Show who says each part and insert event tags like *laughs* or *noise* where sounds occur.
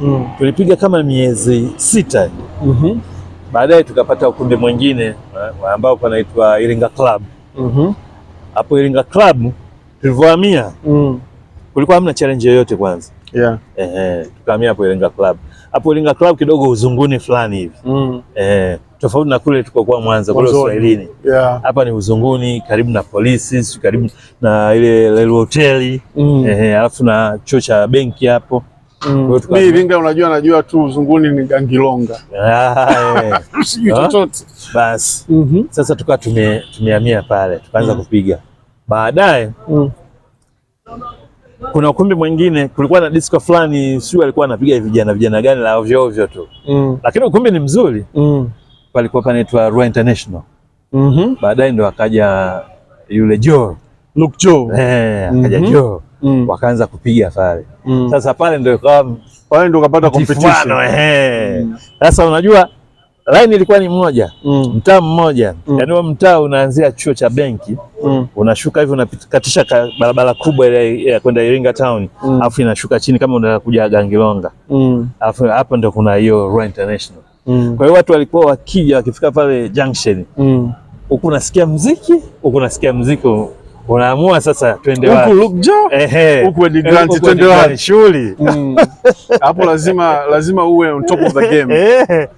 Speaker 1: mm. tulipiga kama miezi sita mm -hmm. Baadaye tukapata ukumbi mwingine eh, ambao panaitwa Iringa Club mhm. hapo mm -hmm. Iringa Club tulivyohamia mm. kulikuwa hamna challenge yoyote kwanza yeah. Ehe, tukahamia hapo Iringa Club hapo Iringa Club kidogo uzunguni fulani hivi mm. Eh, tofauti na kule tulikokuwa Mwanza kule Swahilini yeah. Hapa ni uzunguni karibu na polisi karibu na ile hotel hoteli
Speaker 2: mm. Ehe,
Speaker 1: alafu na chuo cha benki hapo
Speaker 2: Mm. Mimi Iringa unajua najua tu uzunguni ni Gangilonga.
Speaker 1: *laughs*
Speaker 2: Sijui chochote.
Speaker 1: Mm -hmm. Sasa tukawa tume, tumehamia pale tukaanza mm. kupiga baadaye mm. kuna ukumbi mwingine kulikuwa na disco fulani, sijui alikuwa anapiga vijana vijana gani la ovyo ovyo tu mm. lakini ukumbi ni mzuri mm. palikuwa panaitwa Rua International mm -hmm. baadaye ndo akaja yule Joe Luke Joe eh, akaja mm -hmm. Joe mm. wakaanza kupiga pale mm. Sasa pale ndio ikawa
Speaker 2: pale ndio kapata competition
Speaker 1: ehe. Mm. Sasa unajua line ilikuwa ni moja mm. mtaa mmoja mm. yani huo mtaa unaanzia chuo cha benki mm. unashuka hivi unakatisha barabara kubwa ile ya kwenda Iringa town mm. afu inashuka chini kama unataka kuja Gangilonga mm. afu hapa ndio kuna hiyo Royal International mm. kwa hiyo watu walikuwa wakija wakifika pale junction mm. ukunasikia mziki ukunasikia mziki unaamua sasa twende wapi huku,
Speaker 2: twende wapi shughuli mm. hapo. Lazima lazima uwe on top of the game.